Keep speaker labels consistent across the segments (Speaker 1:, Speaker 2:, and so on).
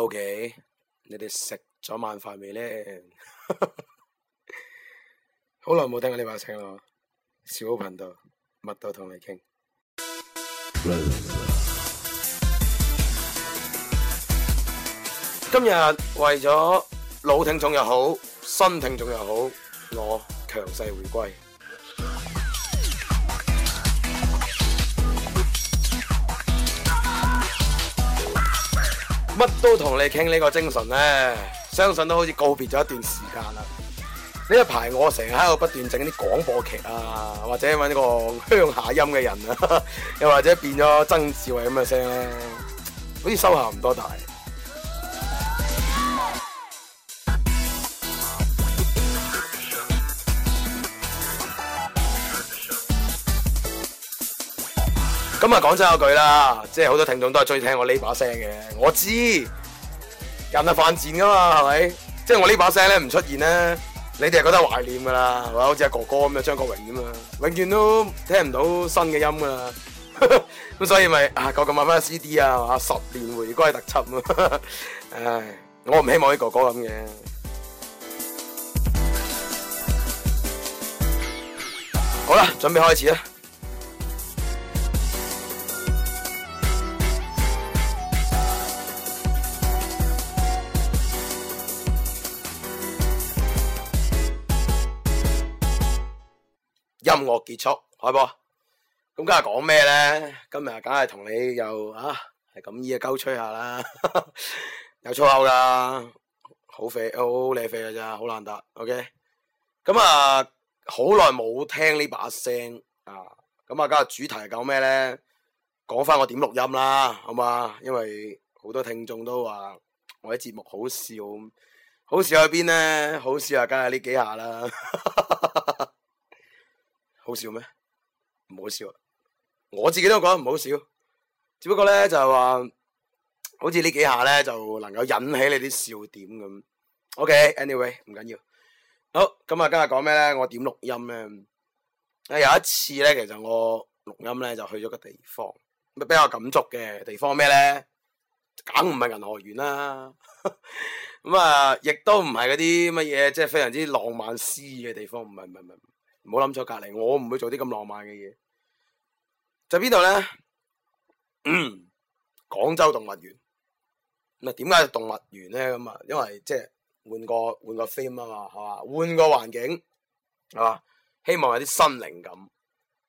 Speaker 1: O、okay, K，你哋食咗晚飯未咧？好耐冇聽過呢把聲咯，小頻道乜都同你傾。今日為咗老聽眾又好，新聽眾又好，我強勢回歸。乜都同你傾呢個精神咧，相信都好似告別咗一段時間啦。呢一排我成日喺度不斷整啲廣播劇啊，或者搵個鄉下音嘅人啊， 又或者變咗曾志偉咁嘅聲咧，好似收效唔多大。今日講真嗰句啦，即係好多聽眾都係鍾意聽我呢把聲嘅，我知，人係犯賤噶嘛，係咪？即係我呢把聲咧唔出現咧，你哋係覺得懷念噶啦，係嘛？好似阿哥哥咁啊，張國榮咁啊，永遠都聽唔到新嘅音噶啦，咁 所以咪啊，個個買返 CD 啊，十年回歸特輯咁 唉，我唔希望好似哥哥咁嘅。好啦，準備開始啦。音樂結束，開波。咁今日講咩咧？今日梗係同你又啊，係咁意啊，鳩吹下啦，有粗口啦，好肥，好瀨肥噶咋，好難答。OK，咁啊，好耐冇聽呢把聲啊。咁啊，今日主題係講咩咧？講翻我點錄音啦，好嘛？因為好多聽眾都話我啲節目好笑，好笑喺邊咧？好笑啊，梗係呢幾下啦。呵呵好笑咩？唔好笑，我自己都覺得唔好笑。只不過咧就話，好似呢幾下咧就能夠引起你啲笑點咁。OK，anyway，okay，唔緊要。好，咁、嗯、啊今日講咩咧？我點錄音咧、嗯？有一次咧，其實我錄音咧就去咗個地方，比較感觸嘅地方咩咧？梗唔係銀河園啦。咁啊，亦都唔係嗰啲乜嘢，即、嗯、係、就是、非常之浪漫詩意嘅地方。唔係唔係唔係。唔好諗咗隔籬，我唔會做啲咁浪漫嘅嘢。就邊度咧？嗯、廣州動物園。咁啊，點解動物園咧？咁啊，因為即係換個換個 theme 啊嘛，係嘛？換個環境，係嘛？希望有啲新靈感。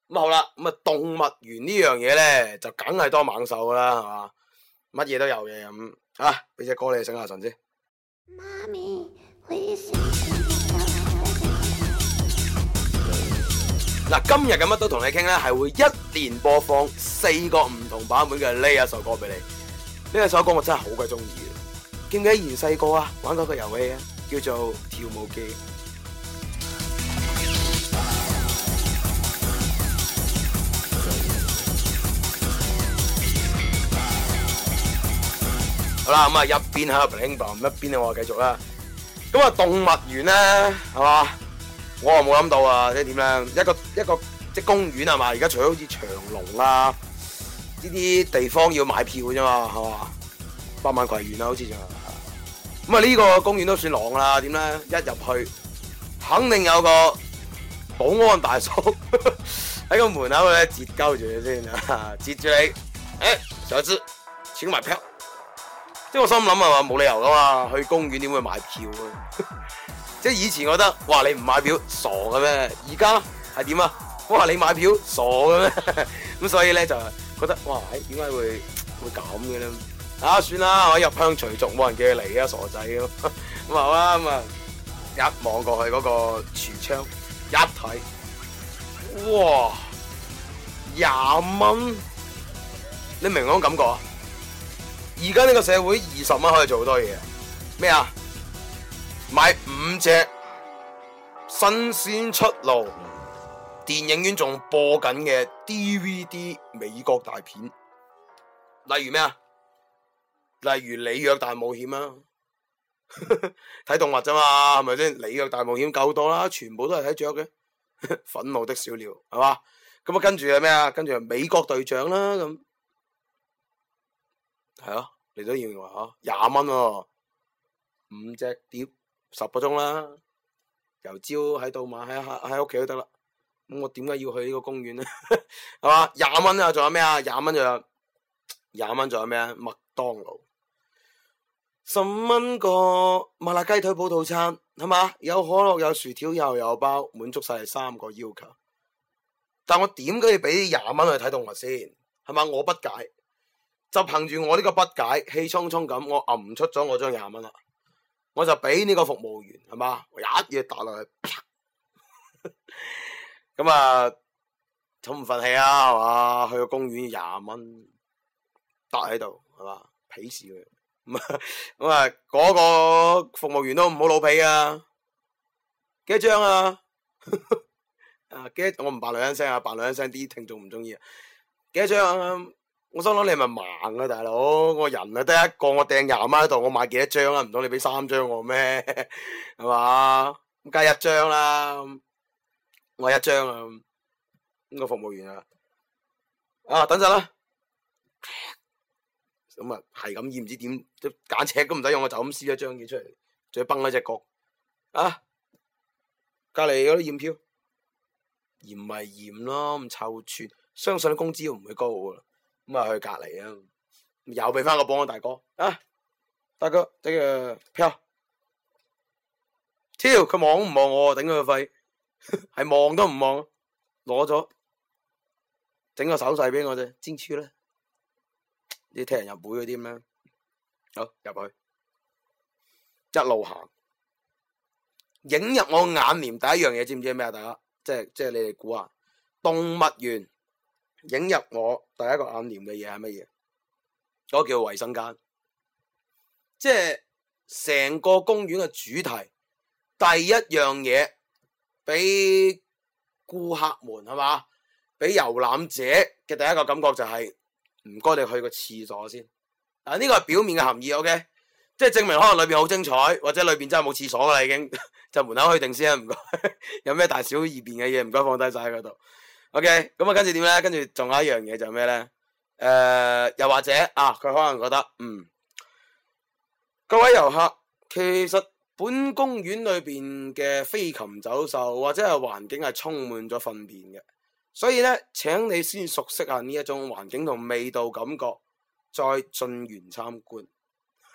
Speaker 1: 咁、啊、好啦，咁啊動物園呢樣嘢咧，就梗係多猛獸㗎啦，係嘛？乜嘢都有嘅咁啊！俾隻歌你醒下神先。嗱，今日嘅乜都同你傾咧，係會一連播放四個唔同版本嘅呢一首歌俾你。呢一首歌我真係好鬼中意。記唔記得以前細個啊玩嗰個遊戲啊，叫做跳舞機。 好啦，咁啊一邊喺度 bling bling，一邊我繼續啦。咁啊動物園咧，係嘛？我又冇諗到啊！即係點咧？一個一個即係公園係嘛？而家除咗好似長隆啦呢啲地方要買票嘅啫嘛，係嘛？百萬葵園啊，好似就咁啊！呢個公園都算狼啦，點咧？一入去肯定有個保安大叔喺個 門口度咧截鳩住你先啊，截住你！誒、欸，小志，請埋票。即係我心諗啊嘛，冇理由噶嘛，去公園點會買票啊？ 即係以前我覺得，哇你唔買票，傻嘅咩？而家係點啊？哇你買票，傻嘅咩？咁 所以咧就覺得，哇，點解會會咁嘅咧？啊，算啦，我入鄉隨俗，冇人叫你嚟啊，傻仔咁，咁 啊好啦，咁啊一望過去嗰個櫥窗，一睇，哇，廿蚊，你明我感覺啊？而家呢個社會二十蚊可以做好多嘢，咩啊？買五。隻新鮮出爐，電影院仲播緊嘅 DVD 美國大片，例如咩啊？例如《里約大冒險》啊，睇動物啫嘛，係咪先？《里約大冒險》夠多啦，全部都係睇雀嘅， 《憤怒的小鳥》係嘛？咁啊，跟住係咩啊？跟住係《美國隊長》啦，咁係啊，你都認為嗬？廿蚊啊，五隻、啊、碟，十個鐘啦，由朝喺到晚喺喺屋企都得啦。咁我點解要去呢個公園咧？係 嘛，廿蚊啊，仲有咩啊？廿蚊仲有廿蚊，仲有咩啊？麥當勞十五蚊個麻辣雞腿堡套餐，係嘛？有可樂，有薯條，又有，有包，滿足晒三個要求。但我點解要俾廿蚊去睇動物先？係嘛，我不解。就憑住我呢個不解，氣沖沖咁，我揞出咗我張廿蚊啦。我就俾呢個服務員係嘛，我一嘢打落去，啪！咁 啊，做唔忿氣啊，係、啊、嘛，去個公園廿蚊搭喺度，係嘛，鄙視佢，咁啊，嗰 個服務員都唔好老脾啊，幾多張啊？ 啊，幾我唔扮兩聲啊，扮兩聲啲聽眾唔中意啊，幾多張、啊我想諗你係咪盲啊，大佬！我人啊得一個，我掟廿蚊喺度，我買幾多張啊？唔通你俾三張我咩？係 嘛？咁梗係一張啦，啊，我一張啊！咁個服務員啊，啊等陣啦，咁啊係咁，驗，唔知點都間尺都唔使用，我就咁撕咗張嘢出嚟，仲要崩咗隻角啊！隔籬啲驗票？驗咪驗咯，咁臭串，相信工資又唔會高噶。咁啊，去隔籬啊，又俾翻個保安大哥啊，大哥，頂佢飄，超！佢望都唔望我，頂佢個肺，係 望都唔望，攞咗，整個手勢俾我啫，煎出咧，你聽人入會嗰啲咩，好入去，一路行，影入我眼簾第一樣嘢，知唔知係咩啊？大家，即係即係你哋估下，動物園。映入我第一個眼簾嘅嘢係乜嘢？嗰、嗰個叫衛生間，即係成個公園嘅主題。第一樣嘢俾顧客們係嘛？俾遊覽者嘅第一個感覺就係唔該，你去個廁所先。嗱呢個係表面嘅含義，OK？即係證明可能裏邊好精彩，或者裏邊真係冇廁所啦，已經 就門口去定先。唔該， 有咩大小二便嘅嘢，唔該放低晒喺嗰度。O.K. 咁啊，跟住點咧？跟住仲有一樣嘢就係咩咧？誒、呃，又或者啊，佢可能覺得嗯，各位遊客，其實本公園裏邊嘅飛禽走獸或者係環境係充滿咗糞便嘅，所以咧，請你先熟悉下呢一種環境同味道感覺，再進園參觀。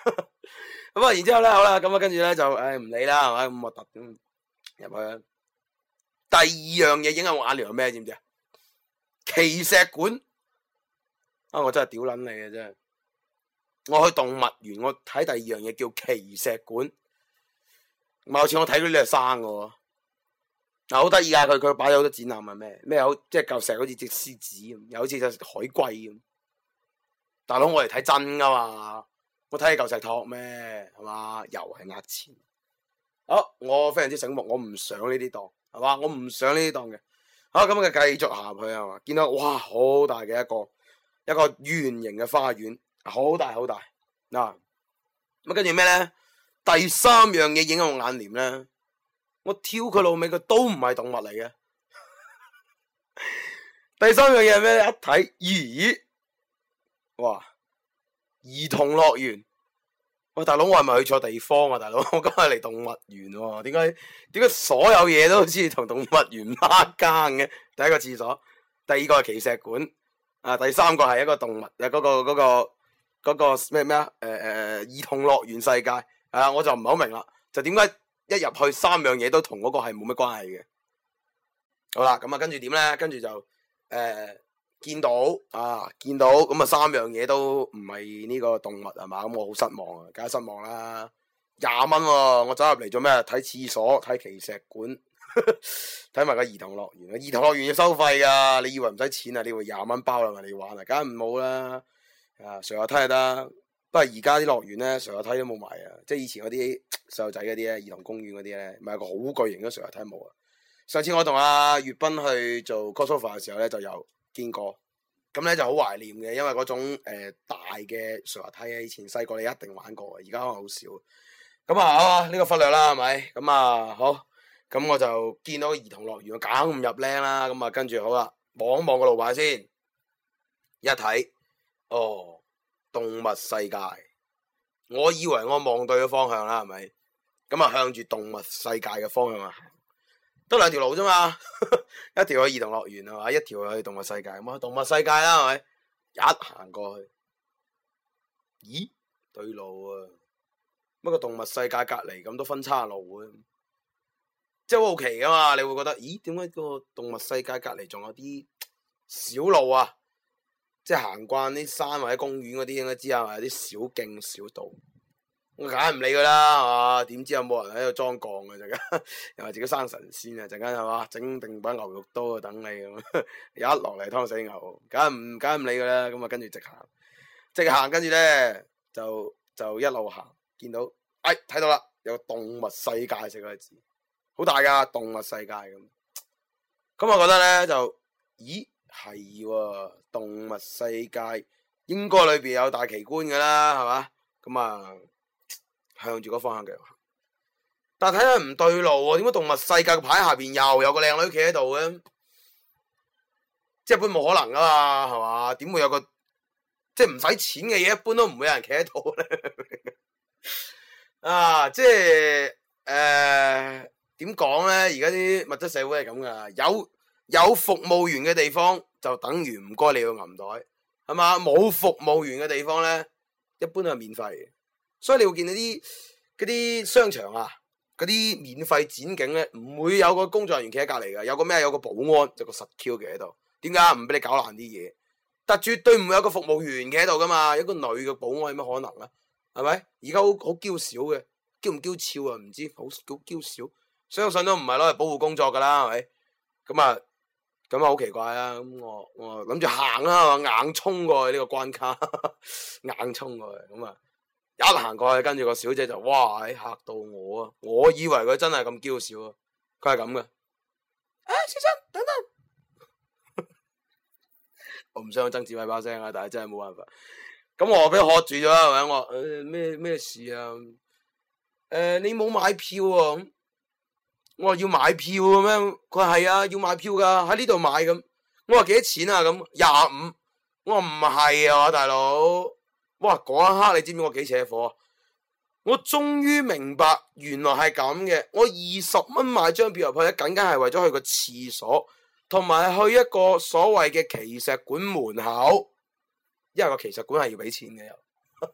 Speaker 1: 咁 啊、嗯，然之後咧，好啦，咁、嗯、啊，跟住咧就誒唔、哎、理啦，係、嗯、咪？咁核突咁入去。第二樣嘢影響我眼簾係咩？知唔知？奇石館啊！我真係屌捻你嘅真係。我去動物園，我睇第二樣嘢叫奇石館。貌似我睇到呢隻生個嗱，好得意啊！佢佢擺咗好多展覽啊咩咩，好即係舊石好似隻獅子咁，又好似隻海龜咁。大佬，我嚟睇真噶嘛？我睇係舊石托咩？係嘛？又係呃錢。好、啊，我非常之醒目，我唔上呢啲當。係嘛？我唔上呢啲檔嘅。好、啊、咁，佢繼續行去係嘛？見到哇，好大嘅一個一個圓形嘅花園，好大好大。嗱，咁跟住咩咧？第三樣嘢影響我眼簾咧，我挑佢老味，佢都唔係動物嚟嘅。 第三樣嘢係咩咧？一睇，咦，哇，兒童樂園。喂、哎，大佬，我係咪去錯地方啊？大佬，我今日嚟動物園，啊，點解點解所有嘢都好似同動物園拉更嘅？第一個廁所，第二個係奇石館，啊，第三個係一個動物，誒，嗰個嗰個嗰個咩咩啊？誒、那、誒、個，兒、那個那個呃、童樂園世界，啊，我就唔係好明啦，就點解一入去三樣嘢都同嗰個係冇乜關係嘅？好啦，咁啊，跟住點咧？跟住就誒。見到啊，見到咁啊、嗯，三樣嘢都唔係呢個動物係嘛？咁、嗯、我好失望啊，梗係失望啦！廿蚊喎，我走入嚟做咩？睇廁所，睇奇石館，睇 埋個兒童樂園。兒童樂園要收費啊，你以為唔使錢啊？你以為廿蚊包㗎嘛？你玩啊，梗係唔好啦！啊，滑滑梯就得，不過而家啲樂園咧，上下梯都冇埋啊！即係以前嗰啲細路仔嗰啲咧，兒童公園嗰啲咧，咪係個好巨型嘅上下梯冇啊！上次我同阿月斌去做 cosplay、so、嘅時候咧，就有。見過，咁咧就好懷念嘅，因為嗰種誒、呃、大嘅水滑梯，以前細個你一定玩過，而家可能好少。咁啊，好啊，呢個忽略啦，係咪？咁啊，好，咁我就見到個兒童樂園，我搞唔入靚啦。咁啊，跟住好啦，望望個路牌先，一睇，哦，動物世界，我以為我望對咗方向啦，係咪？咁啊，向住動物世界嘅方向啊。得兩條路啫嘛， 一條去兒童樂園啊，一條去動物世界。咁啊，動物世界啦，係咪？一行過去，咦？對路啊？乜個動物世界隔籬咁多分叉路啊，即係好奇噶嘛？你會覺得，咦？點解個動物世界隔籬仲有啲小路啊？即係行慣啲山或者公園嗰啲應該知啊，有啲小徑小道。我梗係唔理佢啦，係嘛？點知有冇人喺度裝槓嘅？陣 間又話自己生神仙啊！陣間係嘛，整定把牛肉刀啊，等你咁、啊、 一落嚟劏死牛，梗係唔梗唔理佢啦。咁、嗯、啊，跟住直行，直行跟住咧就就一路行，見到哎睇到啦，有個動物世界四個字，好大㗎動物世界咁。咁、嗯嗯、我覺得咧就咦，係喎，動物世界應該裏邊有大奇觀嘅啦，係嘛咁啊。嗯嗯向住個方向嘅，但睇下唔對路喎、啊？點解動物世界嘅牌下邊又有個靚女企喺度嘅？即係一般冇可能噶嘛，係嘛？點會有個即係唔使錢嘅嘢？一般都唔會有人企喺度咧。 啊，即係誒點講咧？而家啲物質社會係咁噶，有有服務員嘅地方就等於唔該你個銀袋，係嘛？冇服務員嘅地方咧，一般都係免費。所以你會見到啲啲商場啊，嗰啲免費展景咧，唔會有個工作人員企喺隔籬嘅，有個咩有個保安，就個實 Q 嘅喺度。點解，唔俾你搞爛啲嘢。但絕對唔會有個服務員企喺度噶嘛，一個女嘅保安有乜可能咧？係咪？而家好好嬌小嘅，嬌唔嬌俏啊？唔知，好好嬌小，相信都唔係攞嚟保護工作噶啦，係咪？咁啊，咁啊好奇怪啊。咁我我諗住行啦，我硬衝過去呢個關卡， 硬衝過去咁啊！一行過去，跟住個小姐就哇，嚇到我啊！我以為佢真係咁嬌小啊，佢係咁嘅。啊，先生，等等， 我唔想爭志偉把聲啊，但係真係冇辦法。咁我俾喝住咗係咪？我話咩咩，呃、事啊？誒、呃，你冇買票啊？咁，我話要買票嘅，啊、咩？佢係啊，要買票噶，啊，喺呢度買咁。我話幾多錢啊？咁廿五。我話唔係啊，大佬。哇！嗰一刻你知唔知我幾扯火啊？我終於明白，原來係咁嘅。我二十蚊買張票入去，僅僅係為咗去個廁所，同埋去一個所謂嘅奇石館門口。因為個奇石館係要俾錢嘅，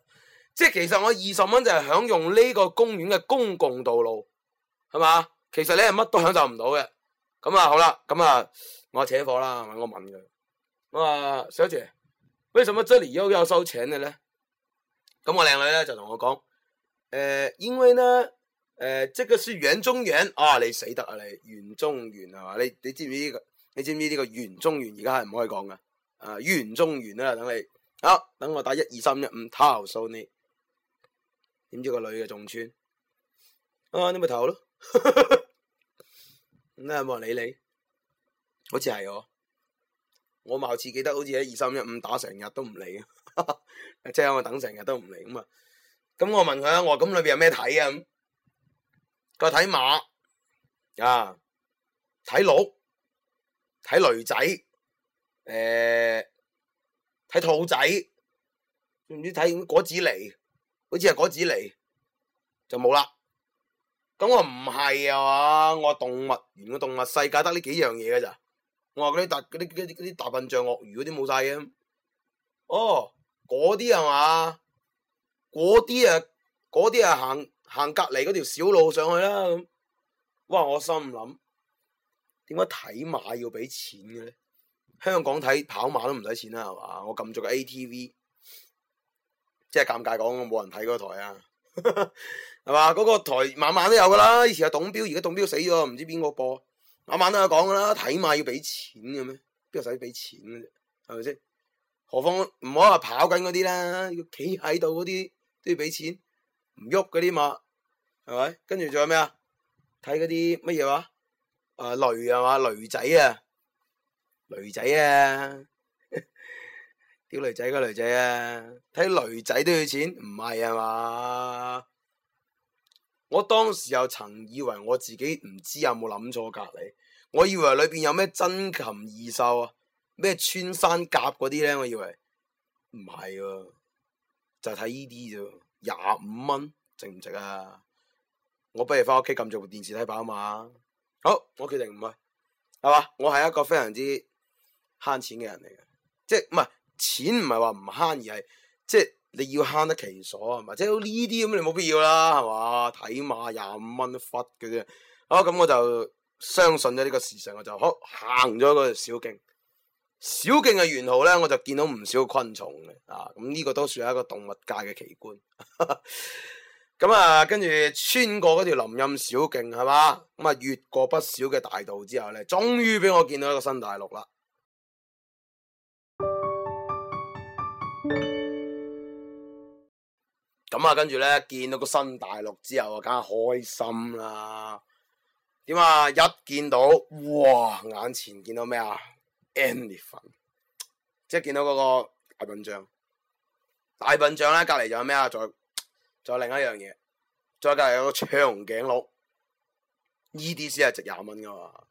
Speaker 1: 即係其實我二十蚊就係享用呢個公園嘅公共道路，係嘛？其實你係乜都享受唔到嘅。咁啊，好啦，咁啊，我扯火啦，我問佢：咁啊，小姐，為什麼這裏又要收錢嘅咧？咁我靚女咧就同我講，誒、呃，因為呢，誒、呃，即個是原中原，啊，你死得啊你，原中原係嘛？你你知唔知、這個？呢你知唔知呢個原中原而家係唔可以講噶？啊，原中原啦，等你，啊，等我打一二三一五，投訴你，點知個女嘅仲穿，啊，你咪投咯，咁啊冇人理你，好似係我，我貌似記得好似喺二三一五打成日都唔理。 即係我等成日都唔嚟，咁啊！咁、呃、我問佢啊，我話咁裏邊有咩睇啊？佢話睇馬啊，睇鹿，睇驢仔，誒，睇兔仔，唔知睇果子狸，好似係果子狸，就冇啦。咁我唔係啊嘛，我話動物園個動物世界得呢幾樣嘢噶咋？我話嗰啲大啲啲啲大笨象、鱷魚嗰啲冇晒嘅。哦。嗰啲係嘛？嗰啲啊，嗰啲啊，行行隔離嗰條小路上去啦咁。哇！我心諗，點解睇馬要俾錢嘅咧？香港睇跑馬都唔使錢啦，係嘛？我撳咗個 ATV，即係尷尬講，冇人睇嗰台啊，係 嘛？嗰、嗰個台晚晚都有噶啦，以前係董彪，而家董，董彪死咗，唔知邊個播，晚晚都有講噶啦。睇馬要俾錢嘅咩？邊個使俾錢嘅啫？係咪先？何況唔好話跑緊嗰啲啦，要企喺度嗰啲都要俾錢，唔喐嗰啲嘛，係咪？跟住仲有咩啊？睇嗰啲乜嘢話？誒，雷係嘛？雷仔啊，雷仔啊，屌 雷仔嘅雷仔啊！睇雷仔都要錢，唔係啊嘛？我當時又曾以為我自己唔知有冇諗錯隔籬，我以為裏邊有咩珍禽異獸啊！咩穿山甲嗰啲咧？我以為唔係喎，就睇依啲啫。廿五蚊值唔值啊？我不如翻屋企撳著部電視睇跑馬。好，我決定唔去，係嘛？我係一個非常之慳錢嘅人嚟嘅，即係唔係錢唔係話唔慳，而係即係你要慳得其所係嘛？即係呢啲咁你冇必要啦，係嘛？睇馬廿五蚊，忽嗰啲啊，好咁、嗯、我就相信咗呢個事實，我就好，行咗個小徑。小徑嘅沿途咧，我就見到唔少昆蟲嘅，啊，咁、這、呢個都算係一個動物界嘅奇觀。咁、嗯、啊，跟住穿過嗰條林蔭小徑係嘛，咁啊、嗯、越過不少嘅大道之後咧，終於俾我見到一個新大陸啦。咁、嗯、啊，跟住咧見到個新大陸之後啊，梗係開心啦。點啊，一見到，哇，眼前見到咩啊？any 即係見到嗰個大笨象，大笨象咧，隔籬仲有咩啊？仲有，仲有另一樣嘢，再隔籬有個長頸鹿，E D C 係值廿蚊噶嘛，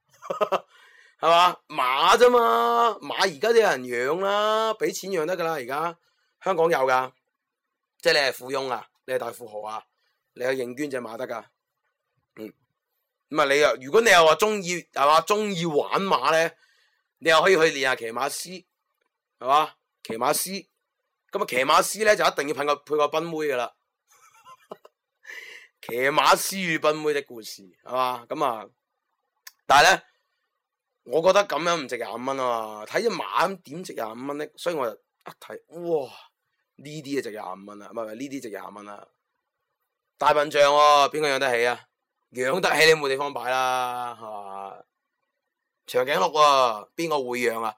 Speaker 1: 係 嘛？馬啫嘛，馬而家都有人養啦，俾錢養得噶啦。而家香港有噶，即係你係富翁啊，你係大富豪啊，你去認捐隻馬得噶。嗯，咁啊，你又如果你又話中意係嘛，中意玩馬咧？你又可以去練下騎馬師，係嘛？騎馬師咁啊，騎馬師咧就一定要配個配個賓妹噶啦。騎 馬師與賓妹的故事，係嘛？咁啊，但係咧，我覺得咁樣唔值廿五蚊啊嘛。睇一晚點值廿五蚊呢？所以我就一睇，哇！呢啲啊值廿五蚊啊，唔係呢啲值廿蚊啊。大笨象喎，邊個養得起啊？養得起你冇地方擺啦，係嘛？長頸鹿啊，邊個會養啊？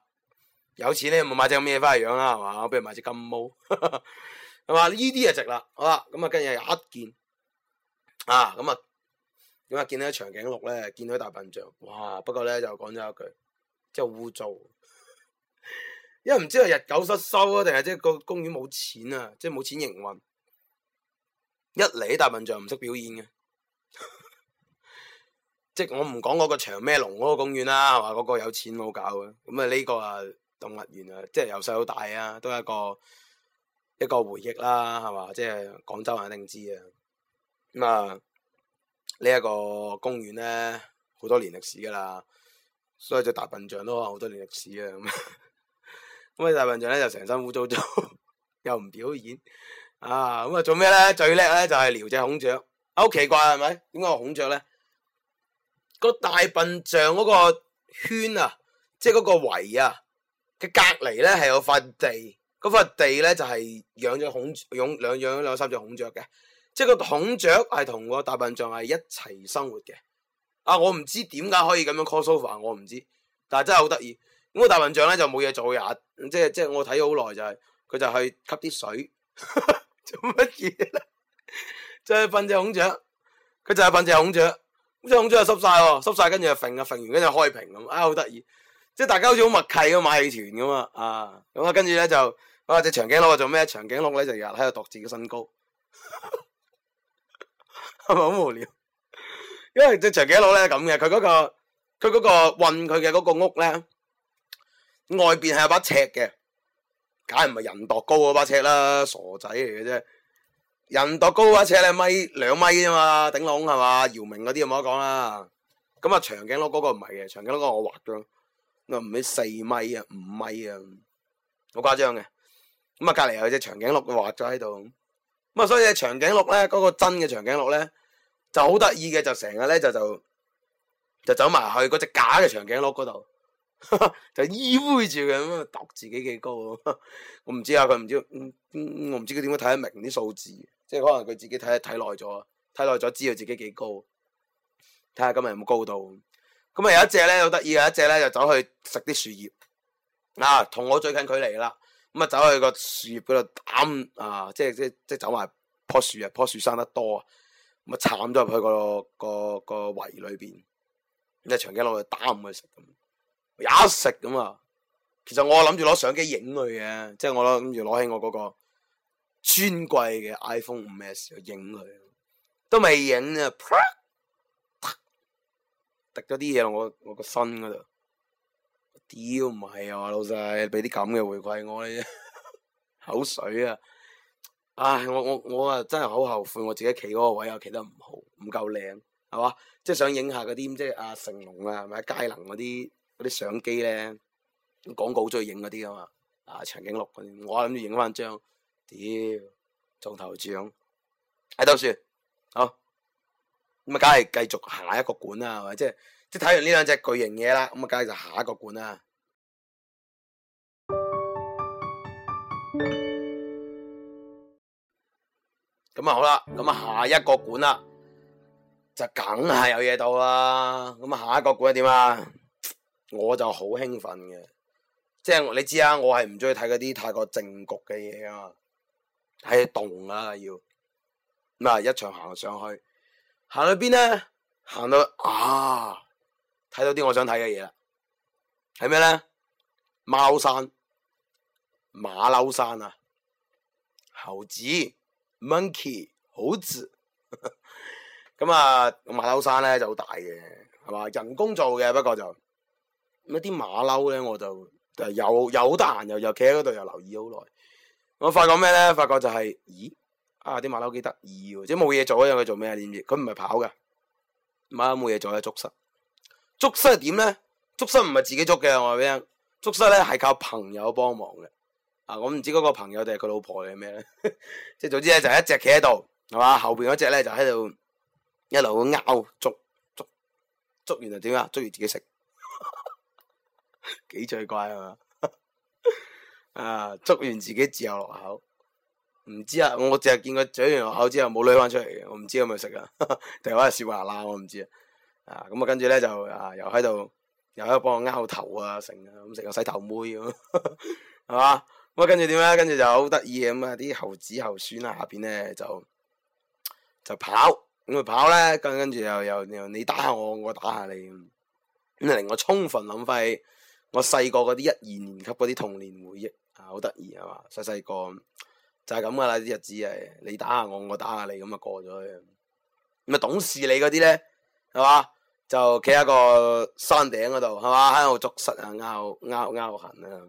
Speaker 1: 有錢咧冇買隻咁嘢翻嚟養啦，係嘛？不如買隻金毛，係嘛？呢啲就值啦，好啦，咁啊跟住又一見啊，咁啊點解見到啲長頸鹿咧？見到啲大笨象，哇！不過咧就講咗一句，即係污糟，因為唔知係日久失修啊，定係即係個公園冇錢啊，即係冇錢營運，一嚟大笨象唔識表演嘅。即我唔講嗰個長咩龍嗰個公園啦，係嘛嗰個有錢佬搞嘅，咁啊呢個啊動物園啊，即係由細到大啊，都係一個一個回憶啦，係嘛，即係廣州人肯定知啊。咁啊呢一個公園咧，好多年歷史噶啦，所以隻大笨象都好多年歷史 啊。咁啊大笨象咧就成身污糟糟，又唔表演啊，咁啊做咩咧？最叻咧就係撩隻孔雀，好，哦，奇怪係咪？點解個孔雀咧？個大笨象嗰個圈啊，即係嗰個圍啊，佢隔籬咧係有塊地，嗰塊地咧就係養咗孔養兩養咗兩三隻孔雀嘅，即係個孔雀係同個大笨象係一齊生活嘅。啊，我唔知點解可以咁樣 call sofa，我唔知，但係真係好得意。咁、那個大笨象咧就冇嘢做呀，即係即係我睇咗好耐就係、是、佢就去吸啲水， 做乜嘢咧？ 就係瞓隻孔雀，佢就係瞓隻孔雀。好似孔雀又濕晒，濕晒跟住就揈，揈，揈完跟住開屏咁，啊、哎、好得意！即係大家好似好默契咁，馬戲團咁啊，咁啊跟住咧就啊隻長頸鹿做咩？長頸鹿咧就日喺度度自己身高，係咪 好無聊？ 因為隻長頸鹿咧咁嘅，佢嗰個，佢嗰個運佢嘅嗰個屋咧，外邊係有把尺嘅，梗係唔係人度高嗰把尺啦，傻仔嚟嘅啫。人度高啊，尺兩米兩米啫嘛，頂籠係嘛，姚明嗰啲就冇得講啦。咁啊長頸鹿嗰個唔係嘅，長頸鹿嗰個我畫咗，唔知四米啊五米啊，好誇張嘅。咁啊隔籬有隻長頸鹿畫咗喺度，咁啊所以長頸鹿咧嗰個真嘅長頸鹿咧就好得意嘅，就成日咧就就就走埋去嗰隻假嘅長頸鹿嗰度，就依偎住佢咁度度自己幾高。我唔知啊，佢唔知，我唔知佢點解睇得明啲數字。即係可能佢自己睇睇耐咗，睇耐咗知道自己幾高，睇下今日有冇高度。咁啊有一隻咧好得意嘅，有有一隻咧就走去食啲樹葉，啊同我最近距離啦。咁、嗯、啊走去個樹葉嗰度砍啊，即係即係即係走埋樖樹啊，樖樹生得多，咁、那個那個嗯、啊鏟咗入去個個個圍裏邊。隻長頸鹿就打唔去食，咁一食咁啊。其實我諗住攞相機影佢嘅，即係我諗住攞起我嗰、那個。尊貴嘅 iPhone 五 S 影佢，都未影啊！啪，滴咗啲嘢落我我個身嗰度，屌唔係啊老細，俾啲咁嘅回饋我，我饋我 口水啊！唉，我我我啊真係好後悔，我自己企嗰個位又企得唔好，唔夠靚，係嘛？即係想影下嗰啲即係阿成龍啊，係咪佳能嗰啲嗰啲相機咧？廣告好中意影嗰啲啊嘛？啊長頸鹿嗰啲，我諗住影翻張。屌，中、哎、頭像，喺、哎、度算，好，咁啊，梗係繼續下一個館啦，係咪？即係即係睇完呢兩隻巨型嘢啦，咁啊，梗係就下一個館啦。咁啊， 好啦，咁啊，下一個館啦，就梗係有嘢到啦。咁啊，下一個館點啊？我就好興奮嘅，即係你知啊，我係唔中意睇嗰啲太過靜局嘅嘢啊嘛。睇凍啦要，咁嗱一場行上去，行去邊咧？行到啊，睇到啲我想睇嘅嘢啦，係咩咧？馬騮山、馬騮山啊，猴子 monkey，猴子咁啊，馬騮山咧就好大嘅，係嘛？人工做嘅，不過就咁一啲馬騮咧，我就，就又又好得閒，又又企喺嗰度，又留意好耐。我發覺咩咧？發覺就係、是，咦，啊啲馬騮幾得意喎，即係冇嘢做啊，因佢做咩啊？點知佢唔係跑噶，馬騮冇嘢做啊，捉虱，捉虱點咧？捉虱唔係自己捉嘅，我話俾你聽，捉虱咧係靠朋友幫忙嘅，啊，我唔知嗰個朋友定係佢老婆定係咩咧，即係 總之咧就一隻企喺度，係嘛，後邊嗰隻咧就喺、是、度一路咬捉捉捉完就點啊？捉完自己食， 幾最怪係嘛？.啊！捉完自己自由落口，唔知啊！我淨係見佢咀完落口之後冇女翻出嚟嘅，我唔知係咪食啊。定係說話鬧我唔知啊！啊咁啊，跟住咧就啊又喺度，又喺度幫我拗頭啊，成啊咁食個洗頭妹咁，啊，係嘛？咁啊，跟住點咧？跟住就好得意嘅咁啊！啲猴子猴孫啊，下邊咧就就跑，咁、啊、佢跑咧，跟跟住又又，又你打下我，我打下你咁，咁令我充分諗翻起我細個嗰啲一二年級嗰啲童年回憶。好得意係嘛？細細個就係咁噶啦，啲日子我我，嗯嗯、啊，你打下我，我打下你咁啊過咗嘅。咁啊懂事你嗰啲咧，係嘛就企喺個山頂嗰度，係嘛喺度捉虱啊、拗拗咬痕啊。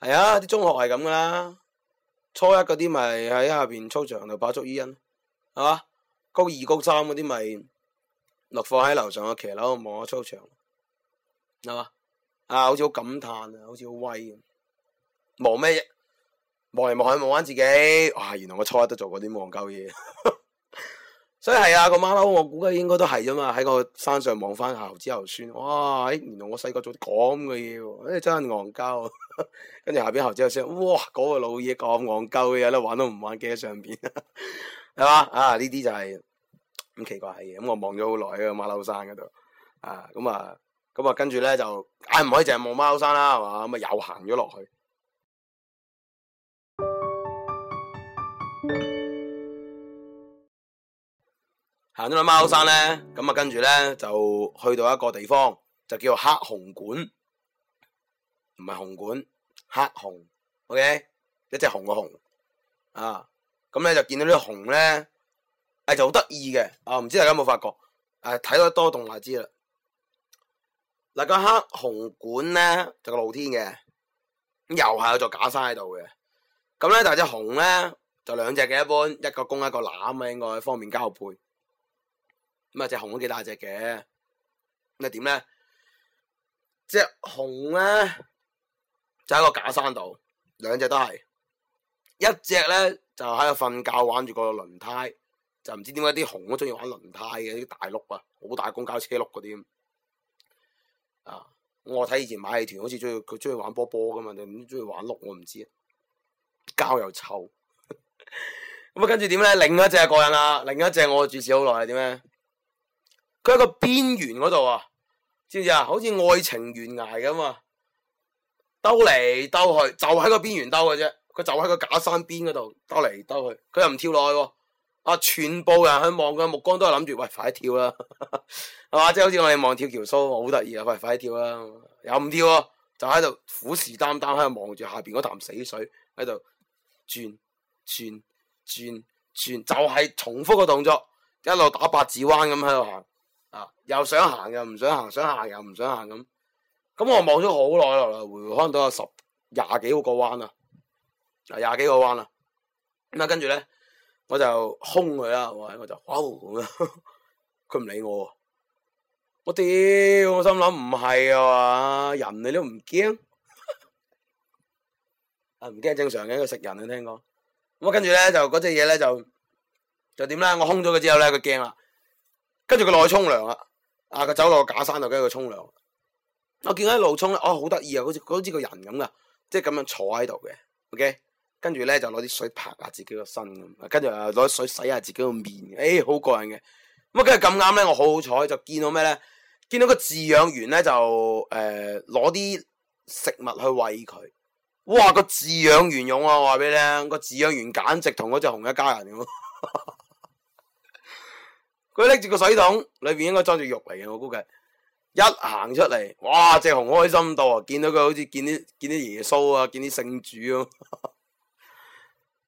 Speaker 1: 係啊，啲中學係咁噶啦，初一嗰啲咪喺下邊操場度擺捉衣欣，係嘛高二高三嗰啲咪落課喺樓上嘅騎樓望下操場，係嘛啊，好似好感嘆啊，好似好威咁。望咩嘢？望嚟望去望翻自己，哇！原來我初一都做過啲望鳩嘢， 所以係啊個馬騮，我估計應該都係啊嘛。喺個山上望翻下猴子猴孫，哇！原來我細個做啲咁嘅嘢，誒、欸、真係戇鳩。跟 住下邊猴子猴孫，哇！嗰、那個老嘢咁戇鳩嘅，咧玩都唔玩，企喺上邊，係嘛啊？呢啲就係、是、咁奇怪嘅。咁、嗯、我望咗好耐喺個馬騮山嗰度，啊咁啊咁啊，跟住咧就唉唔可以淨係望馬騮山啦，係嘛咁啊又行咗落去。行咗落貓山咧，咁啊，跟住咧就去到一個地方，就叫做黑熊館，唔係紅館，黑熊，OK，一隻熊嘅熊啊。咁咧就見到啲熊咧，誒、哎、就好得意嘅啊。唔知大家有冇發覺誒？睇、啊、到多棟荔知啦。嗱、那，個黑熊館咧就個露天嘅，又係有座假山喺度嘅。咁、那、咧、個，但係隻熊咧就兩隻嘅，一般一個公一個乸啊，應該方便交配。咁啊隻熊都幾大隻嘅，咁啊點咧？隻熊咧就喺個假山度，兩隻都係，一隻咧就喺度瞓覺玩住個輪胎，就唔知點解啲熊都中意玩輪胎嘅啲大碌啊，好大公交車碌嗰啲，啊！我睇以前馬戲團好似中意佢中意玩波波噶嘛，咁中意玩碌我唔知，膠又臭。咁啊跟住點咧？另一隻過癮啦，另一隻我注視好耐係點咧？佢喺個邊緣嗰度啊，知唔知啊？好似愛情懸崖咁啊，兜嚟兜去就喺個邊緣兜嘅啫。佢就喺個假山邊嗰度兜嚟兜去，佢又唔跳落去啊。啊，全部人喺望佢，目光都係諗住喂，快啲跳啦，係嘛？即係好似我哋望跳橋蘇，好得意啊！喂，快啲跳啦， 又唔跳，啊？就喺度虎視眈眈喺度望住下邊嗰潭死水喺度轉轉轉轉，就係、是、重複個動作，一路打八字彎咁喺度行。啊、又想行又唔想行，想行又唔想行咁。咁我望咗好耐，來來回看到有十廿幾個彎啦，啊廿幾個彎啦。咁啊，跟住咧，我就轟佢啦。我、哎、我就，佢唔理我。我屌！我心諗唔係啊，人你都唔驚，啊唔驚正常嘅，佢食人你聽講。咁啊，跟住咧就嗰隻嘢咧就就點咧？我空咗佢之後咧，佢驚啦。跟住佢落去沖涼啦，啊，佢走落個假山度，跟住佢沖涼，我見到一路沖，哦，好得意啊，好似好似個人咁啊，即係咁樣坐喺度嘅，ok，跟住咧就攞啲水拍下自己個身，跟住啊攞啲水洗下自己個面，誒、哎，好過癮嘅，咁啊跟住咁啱咧，我好好彩就見到咩咧？見到個飼養員咧就誒攞啲食物去喂佢，哇個飼養員勇啊！我話俾你聽，個飼養員簡直同嗰隻熊一家人咁。 佢拎住個水桶，裏邊應該裝住肉嚟嘅，我估計。一行出嚟，哇！隻熊開心到，到啊，見到佢好似見啲見啲耶穌啊，見啲聖主咁。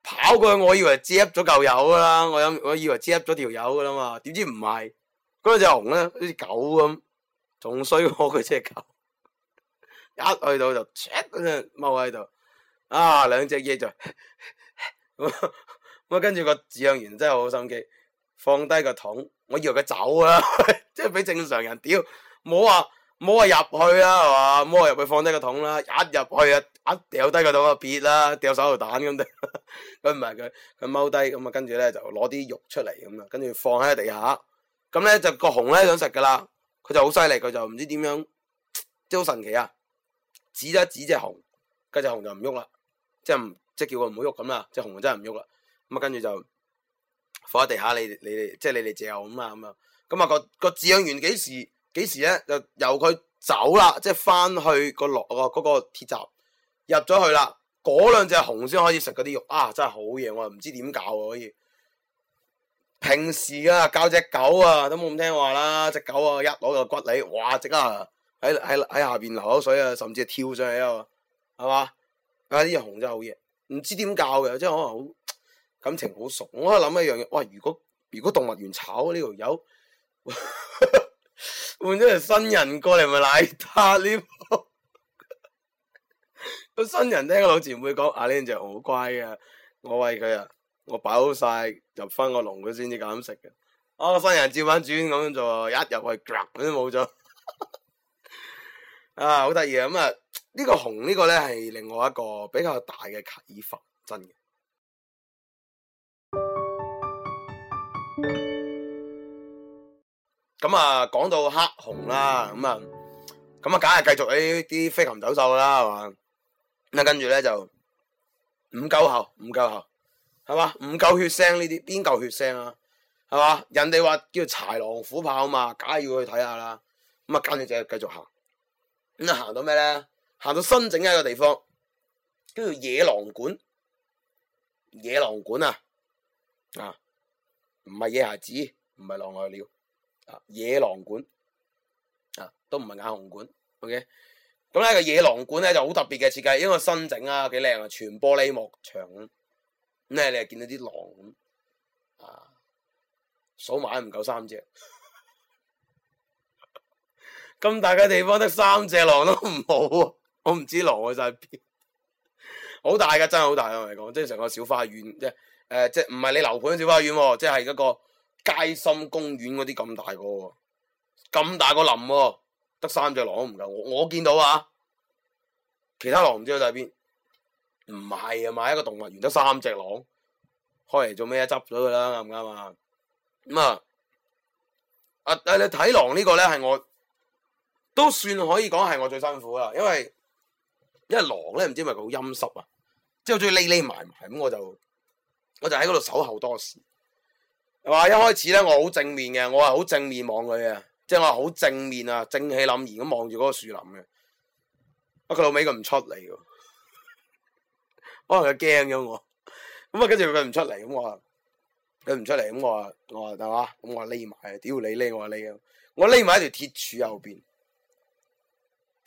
Speaker 1: 跑過去，我以為接咗舊友啦，我諗我以為接咗條友噶啦嘛，點知唔係。嗰隻熊咧，好似狗咁，仲衰過佢隻狗。 一去到就 check 踎喺度，啊，兩隻嘢就。我 跟住個飼養員真係好心機。放低個桶，我以為佢走啊， 即係俾正常人屌，冇啊冇啊入去啊，係嘛摸入去放低個桶啦，一入去啊一掉低個桶就撇啦，掉手榴彈咁，佢唔係佢佢踎低咁啊，跟住咧就攞啲肉出嚟咁啊，跟住放喺地下，咁咧就個熊咧想食噶啦，佢就好犀利，佢就唔知點樣，即係好神奇啊！指一指隻熊，跟住隻熊就唔喐啦，即係即係叫佢唔好喐咁啦，即係熊真係唔喐啦，咁啊跟住就。放喺地下，你你哋即係你哋自由咁啊咁啊，咁啊個個飼養員幾時幾時咧就由佢走啦，即係翻、嗰個、去、嗰個落、嗰個鐵閘入咗去啦，嗰兩隻熊先開始食嗰啲肉啊，真係好嘢，我又唔知點教啊可以。平時啊教隻狗啊都冇咁聽話啦，隻狗啊一攞個骨嚟，哇即刻喺喺喺下邊流口水啊，甚至係跳上去啊，係嘛？啊啲熊真係好嘢，唔知點教嘅，即係可能好。感情好熟，我喺度諗一樣嘢。喂，如果如果動物園炒呢條友，換咗條新人過嚟咪賴塔。呢個新人聽個老前輩講，阿 Lin 就好乖嘅，我喂佢啊，我擺好晒入翻個籠，佢先至敢食嘅。我個新人照翻轉咁做，一入去，佢都冇咗。 啊，好得意咁啊！呢、嗯這個紅呢、這個咧係另外一個比較大嘅啟發，真嘅。咁啊，講、嗯、到黑熊啦，咁、嗯、啊，咁、嗯、啊，梗係繼續呢啲飛禽走獸啦，係嘛？咁、嗯、啊，跟住咧就唔夠喉，唔夠喉，係嘛？唔夠血腥呢啲邊夠血腥啊？係嘛？人哋話叫豺狼虎豹啊嘛，梗係要去睇下啦。咁、嗯、啊，跟住就繼續行，咁、嗯、啊，行到咩咧？行到新整一個地方，叫做野狼館。野狼館啊，啊！唔係野孩子，唔係狼外了，啊！野狼館啊，都唔係眼紅館，OK。咁呢個野狼館咧就好特別嘅設計，因為新整啊，幾靚啊，全玻璃幕牆咁。咁咧你又見到啲狼咁，啊，數埋唔夠三隻，咁 大嘅地方得三隻狼都唔好啊！我唔知狼去晒邊，好 大噶，真係好大，我同你講，即係成個小花園即係。誒、呃，即係唔係你樓盤小花園喎，即係一個街心公園嗰啲咁大個，咁大個林、啊，得三隻狼唔夠我，我見到啊，其他狼唔知去晒邊，唔係啊嘛，一個動物園得三隻狼，開嚟做咩啊？執咗佢啦，啱唔啱啊？咁、嗯、啊，啊啊，你睇狼個呢個咧，係我都算可以講係我最辛苦啦，因為因為狼咧，唔知係咪好陰濕啊，即係最匿匿埋埋咁，我就。我就喺嗰度守候多時，係嘛？一開始咧我好正面嘅，我係好正面望佢嘅，即係我係好正面啊，正氣凛然咁望住嗰個樹林嘅。啊，佢老尾佢唔出嚟，可能佢驚咗我。咁啊，跟住佢唔出嚟，咁我話佢唔出嚟，咁我我係嘛？咁我匿埋，屌你匿，我匿，我匿埋喺條鐵柱後邊。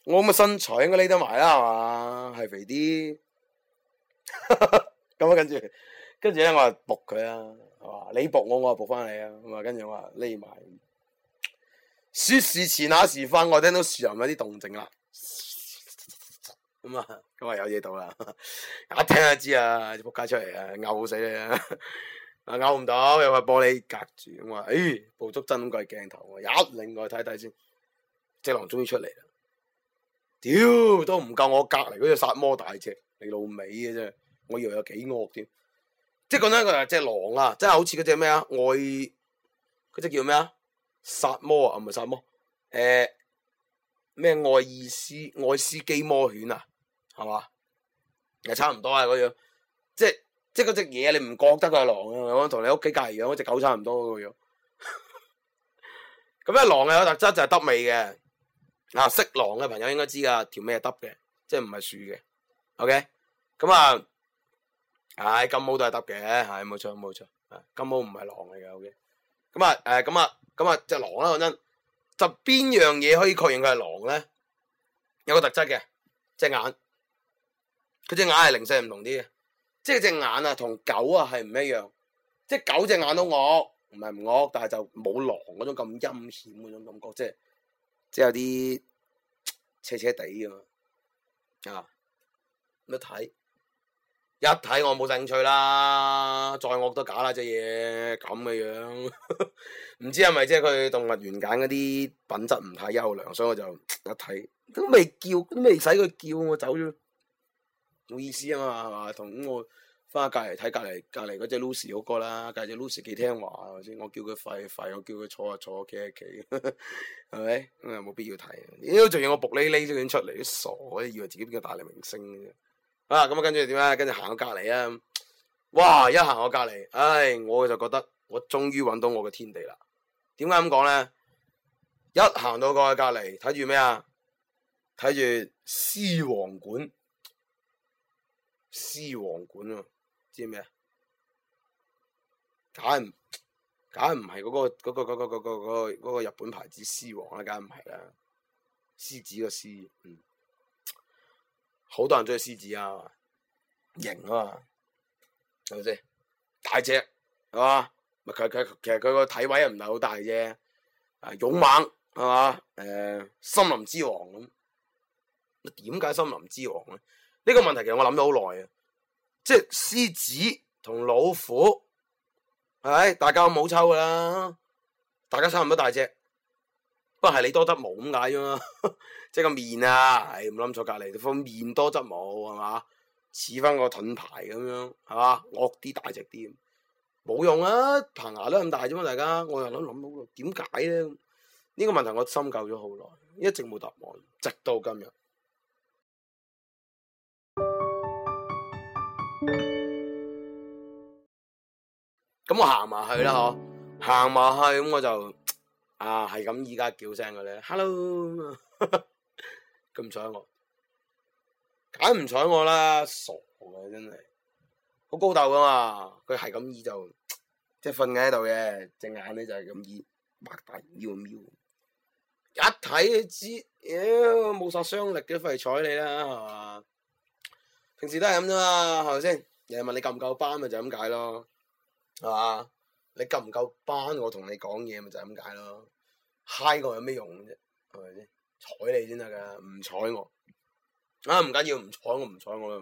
Speaker 1: 我咁嘅身材應該匿得埋啦，係嘛？係肥啲，咁 啊，跟住。跟住咧，我就搏佢啦，係嘛？你搏我，我就搏翻你啊！咁啊，跟住我話匿埋。説事遲，那時分，我聽到樹林有啲動靜啦。咁、 嗯、 啊，咁啊，有嘢到啦！一聽就知啊，仆街出嚟啊，咬好死你啦、啊！啊咬唔到，有塊玻璃隔住。咁、嗯、話，咦、哎，捕捉珍貴鏡頭喎！有、哎呃，另外睇睇先。狼終於 Dude，隻狼終於出嚟啦。屌，都唔夠我隔離嗰隻殺魔大隻，你老味嘅啫！我以為，我以為有幾惡添。即係講呢個係隻狼啦，即係好似嗰隻咩啊？隻愛嗰隻叫咩啊？薩摩啊，唔係薩魔薩摩？誒、欸、咩愛爾斯愛斯基摩犬啊，係嘛？又差唔多啊，嗰樣即係即係嗰隻嘢，你唔覺得佢係狼啊？同你屋企隔籬養嗰隻狗差唔多嗰樣。咁 啊，狼嘅特質就係耷尾嘅，啊識狼嘅朋友應該知㗎，條尾係耷嘅，即係唔係豎嘅。OK，咁啊。係、哎、金毛都係得嘅，係冇錯冇錯，啊金毛唔係狼嚟嘅，OK，咁啊誒，咁啊咁啊隻狼啦講真，就邊樣嘢可以確認佢係狼咧？有個特質嘅，隻眼，佢隻眼係零舍唔同啲嘅，即係隻眼啊同狗啊係唔一樣，即係狗隻眼都惡，唔係唔惡，但係就冇狼嗰種咁陰險嗰種感覺，即係即係有啲斜斜地咁樣啊，乜睇？一睇我冇興趣啦，再惡都假啦，隻嘢咁嘅樣，唔 知係咪即係佢動物園揀嗰啲品質唔太優良，所以我就一睇都未叫，都未使佢叫我走咗，冇意思啊嘛，係嘛？同我翻下隔籬睇隔籬隔籬嗰隻 Lucy 好過啦，隔，隔，隔隻 Lucy 幾 Luc 聽話，我叫佢吠吠，我叫佢坐就坐，就坐就站就站，企一企，係、嗯、咪？咁又冇必要睇，屌仲要我仆呢哩先出嚟，傻，以為自己邊個大力明星。啊咁啊，跟住點咧？跟住行到隔籬啊！哇，一行到隔籬，唉、哎，我就覺得我終於揾到我嘅天地啦！點解咁講咧？一行到過去隔籬，睇住咩啊？睇住獅王館，獅王館啊，知咩啊？梗唔，梗唔係嗰個、嗰個、嗰個、嗰個、嗰個、嗰個日本牌子獅王啦、啊，梗唔係啦，獅子個獅，嗯。好多人中意獅子啊，型啊嘛，係咪先？大隻係嘛？唔係佢佢其實佢個體位又唔係好大啫，啊勇猛係嘛？誒、呃，森林之王咁，點解森林之王咧？呢、這個問題其實我諗咗好耐啊，即係獅子同老虎係咪？大家唔好抽噶啦，大家差唔多大隻。不過係你多得冇咁解啫嘛，即係個面啊，唔諗錯隔籬，方面多得冇，係嘛，似翻個盾牌咁樣，係嘛，惡啲大隻啲，冇用啊，棚牙都咁大啫嘛，大家我又諗諗到咯，點解咧？呢個問題我深究咗好耐，一直冇答案，直到今日。咁、 嗯、我行埋去啦，嗬，行埋去咁我就。啊，係咁依家叫聲嘅咧，hello，咁 唔睬我，梗唔睬我啦，傻嘅真係，好高竇噶嘛，佢係咁依就，即係瞓喺度嘅，隻眼咧就係咁依，擘大瞄就瞄，一睇就知，妖冇殺傷力嘅，都費睬你啦，係嘛？平時都係咁啫嘛，係咪先？人哋問你夠唔夠班咪就咁解咯，係嘛？你夠唔夠班？我同你講嘢咪就係咁解咯，嗨我有咩用啫？係咪先？睬你先得㗎，唔睬我啊！唔緊要，唔睬我唔睬我啦，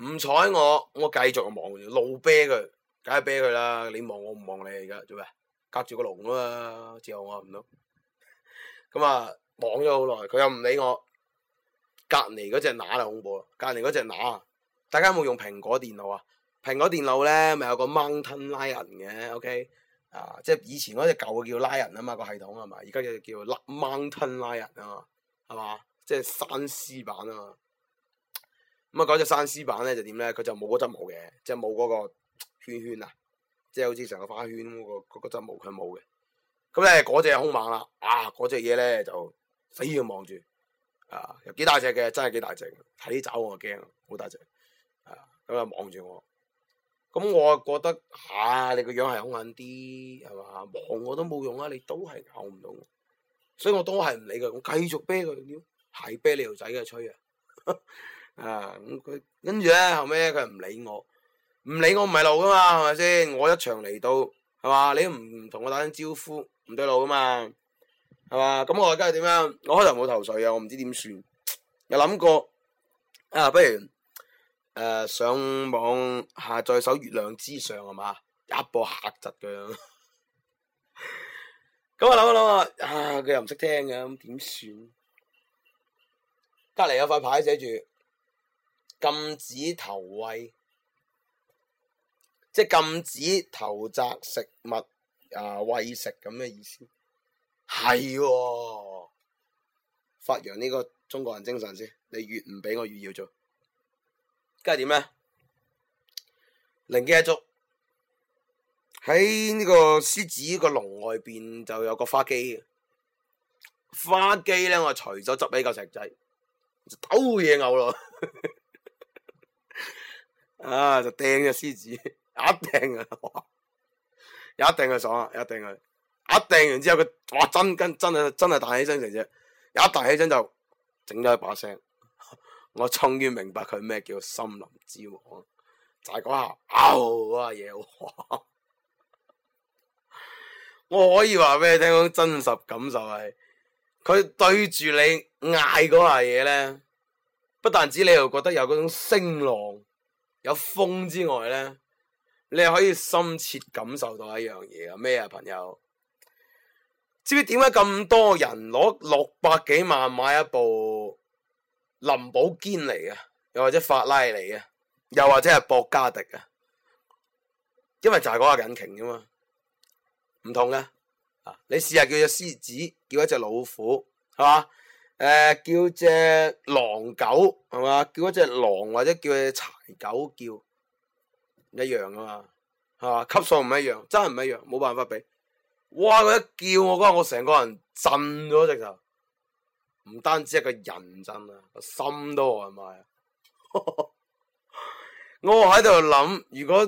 Speaker 1: 唔睬我，我繼續望路啤佢，梗係啤佢啦！你望我唔望你而家做咩？隔住個籠啊嘛，之後我唔到。咁啊，望咗好耐，佢又唔理我。隔離嗰隻乸就恐怖啦，隔離嗰隻乸，大家有冇用蘋果電腦啊？成個電腦咧，咪有個 Mountain Lion 嘅，OK 啊，即係以前嗰隻舊嘅叫 Lion 啊嘛，個系統係咪？而家叫叫做 Mountain Lion 啊嘛，係嘛？即係山獅版啊嘛。咁、嗯、啊，嗰、那、隻、個、山獅版咧就點咧？佢就冇嗰隻毛嘅，即係冇嗰個圈圈啊，即係好似成個花圈咁、那個嗰隻、那個、毛佢冇嘅。咁咧，嗰隻兇猛啦，啊嗰隻嘢咧就死要望住啊，有幾大隻嘅，真係幾大隻，睇啲爪我就驚，好大隻啊，咁啊望住我。咁我覺得吓，你個樣係好眼啲，係嘛，望我都冇用啊！你，你都係咬唔到，我，所以我都係唔理佢，我繼續啤佢，要係啤你條仔嘅吹的 啊！啊咁佢跟住咧後尾佢唔理我，唔理我唔係路噶嘛，係咪先？我一場嚟到係嘛，你唔同我打聲招呼唔對路噶嘛，係嘛？咁我而家係點樣？我開頭冇頭緒嘅，我唔知點算，有諗過啊，不如～誒，uh, 上網下載首《啊、月亮之上》係嘛，一播吓窒嘅。咁我諗一諗啊，佢又唔識聽嘅，點、嗯、算？隔籬有塊牌寫住禁止投喂，即係禁止投擲食物啊餵食咁嘅意思。係喎、哦，發揚呢個中國人精神先，你越唔俾我越要做。即係點咧？靈機一觸喺呢個獅子個籠外邊就有個花機嘅花機咧，我除咗執起個石仔，就斗嘢牛咯， 啊就掟隻獅子， 一掟啊，有一掟就爽，有一掟佢！一掟完之後佢哇真真真係真係彈起身成隻，一彈起身就整咗一把聲。我終於明白佢咩叫森林之王，就係嗰下嗷，嗰下嘢。呃那個、 我可以話俾你聽，真實感受係佢對住你嗌嗰下嘢呢，不但止你又覺得有嗰種聲浪、有風之外呢，你又可以深切感受到一樣嘢啊！咩啊，朋友？知唔知點解咁多人攞六百幾萬買一部？林寶堅嚟嘅，又或者法拉利嘅，又或者係博加迪嘅，啊，因為就係嗰個引擎啫嘛，唔同嘅，啊，你試下叫隻獅子，叫一隻老虎，係嘛？誒，叫隻狼狗，係嘛？叫一隻狼，或者叫隻柴狗叫，一樣噶嘛，係嘛？級數唔一樣，真係唔一樣，冇辦法比。哇！佢一叫我嗰下，我成個人震咗只頭。唔單止一個人真啊，個心都係咪？是是 我喺度諗，如果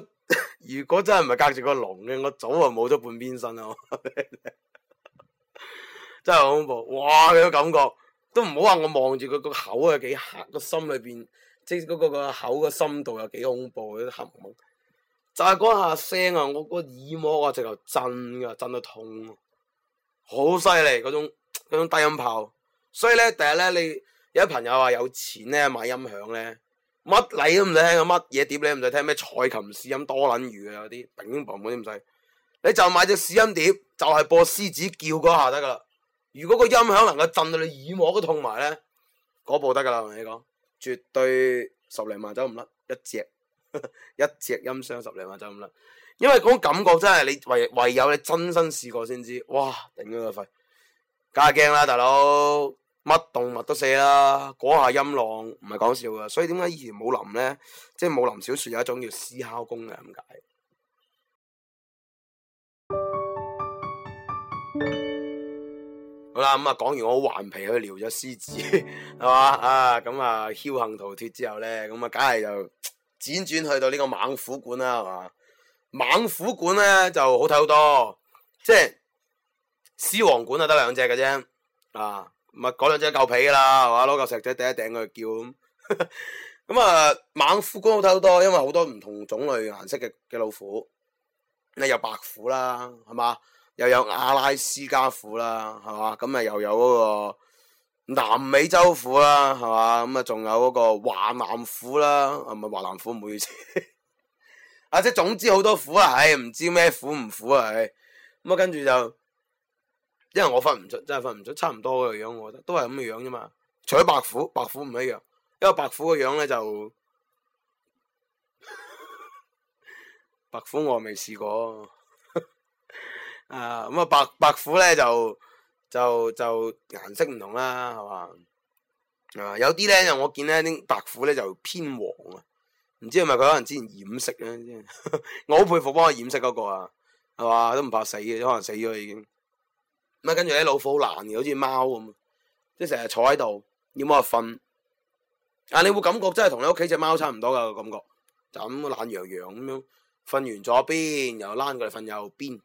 Speaker 1: 如果真係唔係隔住個籠嘅，我早就冇咗半邊身啊！ 真係恐怖，哇！有感覺都唔好話我望住佢個口係幾黑，個心裏邊即係嗰、嗰個個口個深度有幾恐怖，嗰啲黑蒙。就係、是、嗰下聲啊！我、個耳膜啊直頭震噶，震到痛，好犀利嗰種種低音炮。所以咧，第日咧，你有啲朋友話有錢咧買音響咧，乜你都唔使聽，乜嘢碟你都唔使聽，咩蔡琴試音多撚魚啊啲，乒乒乓乓啲唔使，你就買隻試音碟，就係、是、播獅子叫嗰下得㗎喇。如果個音響能夠震到你耳膜都痛埋咧，嗰部得㗎喇，同你講，絕對十零萬走唔甩，一隻一隻音箱十零萬走唔甩，因為嗰種感覺真係你唯唯有你真身試過先知，哇，頂咗個肺，加驚啦，大佬。乜動物都死啦，嗰下音浪唔係講笑噶，所以點解以前武林咧，即係武林小說有一種叫獅吼功嘅咁解。 好啦，咁啊講完我好頑皮去撩咗獅子係嘛 啊，咁啊僥倖逃脫之後咧，咁啊梗係就輾轉去到呢個猛虎館啦係嘛，猛虎館咧就好睇好多，即係獅王館啊得兩隻嘅啫啊。唔係嗰兩隻舊皮啦，係嘛？攞嚿石仔頂一頂佢叫咁。咁啊，猛虎觀好睇好多，因為好多唔同種類顏色嘅嘅老虎。你有白虎啦，係嘛？又有阿拉斯加虎啦，係嘛？咁啊又有嗰個南美洲虎啦，係嘛？咁啊仲有嗰個華南虎啦，係咪華南虎，唔好意思。 啊，即總之好多虎啊，唉、哎，唔知咩虎唔虎啊，唉、哎。咁啊，跟住就。因為我瞓唔着，真係瞓唔着，差唔多嘅樣，我覺得都係咁嘅樣啫嘛。除咗白虎，白虎唔一樣，因為白虎個樣咧就 白虎我未試過。 啊，咁、嗯、啊，白白虎咧就就就顏色唔同啦，係嘛啊？有啲咧，我見呢啲白虎咧就偏黃啊，唔知係咪佢可能之前染色咧？ 我好佩服幫佢染色嗰個啊，係嘛都唔怕死嘅，可能死咗已經。咪跟住啲老虎好懶嘅，好似貓咁，即係成日坐喺度，要冇啊瞓。啊，你會感覺真係同你屋企隻貓差唔多噶個感覺，就咁懶洋洋咁樣瞓完左邊，又拉過嚟瞓右邊。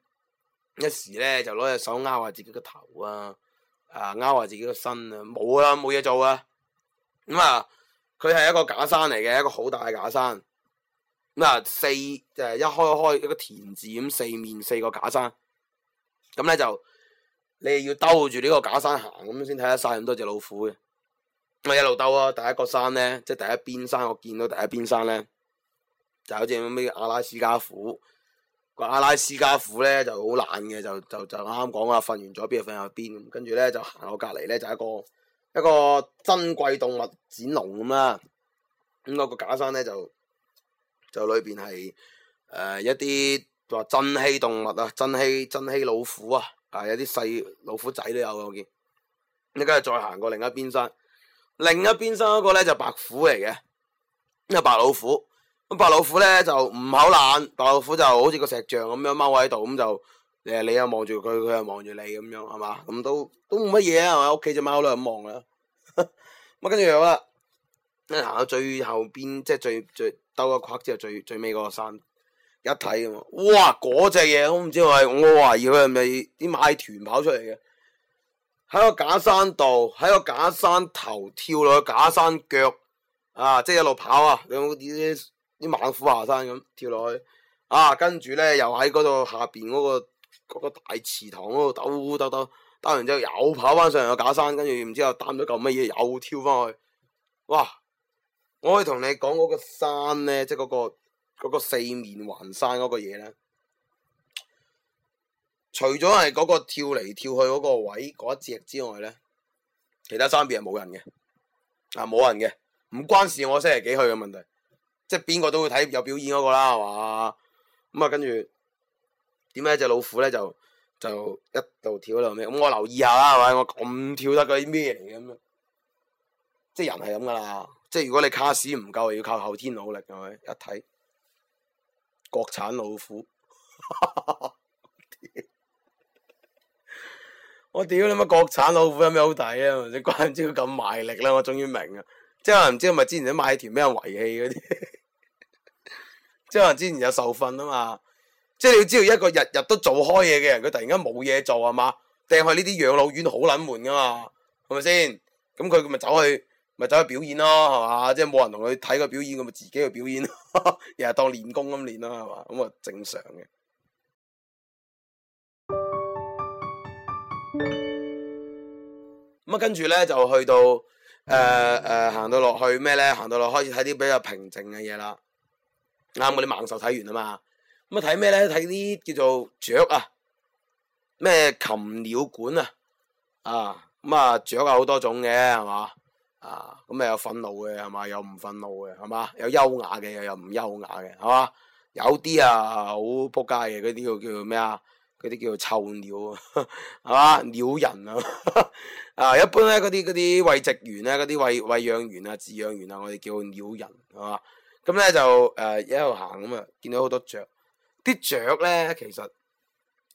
Speaker 1: 一時咧就攞隻手拗下自己個頭啊，啊拗下自己個身啊，冇啊，冇嘢做啊。咁、嗯、啊，佢係一個假山嚟嘅，一個好大嘅假山。咁、嗯、啊，四就係、是、一開一開一個田字咁，四面四個假山。咁、嗯、咧就。你要兜住呢個假山行咁先睇得晒咁多隻老虎嘅，咪一路兜啊！第一個山咧，即係第一邊山，我見到第一邊山咧，就好似咩阿拉斯加虎，個阿拉斯加虎咧就好懶嘅，就就就啱啱講啊，瞓完咗邊就瞓下邊，跟住咧就行我隔離咧就係、一個一個珍貴動物展龍咁啦，咁、嗰個個假山咧就就裏邊係誒一啲話珍稀動物啊，珍稀珍稀老虎啊。啊！有啲細老虎仔都有，嘅我見，依家又再行過另一邊山，另一邊山嗰個咧就是、白虎嚟嘅，呢個白老虎，咁白老虎咧就唔好懶，白老虎就好似個石像咁樣踎喺度，咁就誒，你，你呵呵又望住佢，佢又望住你咁樣，係嘛？咁都都冇乜嘢啊，係嘛？屋企隻貓都係咁望啦，咁跟住有啦，一行到最後邊，即係最最兜個圈之後，最最尾嗰個山。一睇咁嘛，哇，嗰隻嘢我唔知係我懷疑佢係咪啲買團跑出嚟嘅，喺個假山度，喺個假山頭跳落去假山腳啊！即係一路跑啊，咁啲啲猛虎下山咁跳落去啊！跟住咧又喺嗰個下邊嗰個個大祠堂嗰度兜兜兜兜，兜完之後又跑翻上嚟個假山，跟住唔知又擔咗嚿乜嘢又跳翻去。哇！我可以同你講嗰個山咧，即係嗰個。嗰個四面環山嗰個嘢咧，除咗係嗰個跳嚟跳去嗰個位嗰一隻之外咧，其他三邊係冇人嘅，啊冇人嘅，唔關事，我星期幾去嘅問題，即係邊個都會睇有表演嗰個啦，係嘛？咁、嗯、啊，跟住點解隻老虎咧就就一度跳一路咩？咁我留意下啦，係咪？我咁跳得嗰啲咩嚟咁啊？即係人係咁㗎啦，即係如果你卡士唔夠，要靠後天努力係咪？一睇。國產老虎， 我屌你媽！國產老虎有咩好睇啊？怪唔知佢咁賣力喇，我終於明啊！即係唔知係咪之前買條俾人遺棄嗰啲， 即係話之前有受訓啊嘛！即係你要知道一個日日都做開嘢嘅人，佢突然間冇嘢做係嘛，掟去呢啲養老院好卵悶噶嘛，係咪先？咁佢咪走去。咪走去表演咯，係嘛？即係冇人同佢睇個表演，我咪自己去表演，日 日當練功咁練咯，係嘛？咁啊正常嘅。咁啊， 跟住咧就去到誒誒，行、呃呃、到落去咩咧？行到落開始睇啲比較平靜嘅嘢。啦。啱、啊，我哋猛獸睇完啊嘛。咁啊睇咩咧？睇啲叫做雀啊，咩禽鳥館啊。啊，咁、嗯、啊雀有好多種嘅，係嘛？啊，咁咪有憤怒嘅，係嘛？有唔憤怒嘅，係嘛？有優雅嘅，又有唔優雅嘅，係嘛？有啲啊，好仆街嘅，嗰啲叫做叫咩啊？嗰啲叫臭鳥，係嘛？鳥人啊 enjoy.、呃！啊，一般咧，嗰啲啲餵植員咧，嗰啲餵餵養員啊、飼養員啊，我哋叫鳥人，係嘛？咁咧就誒一路行咁啊，見到好多雀，啲雀咧其實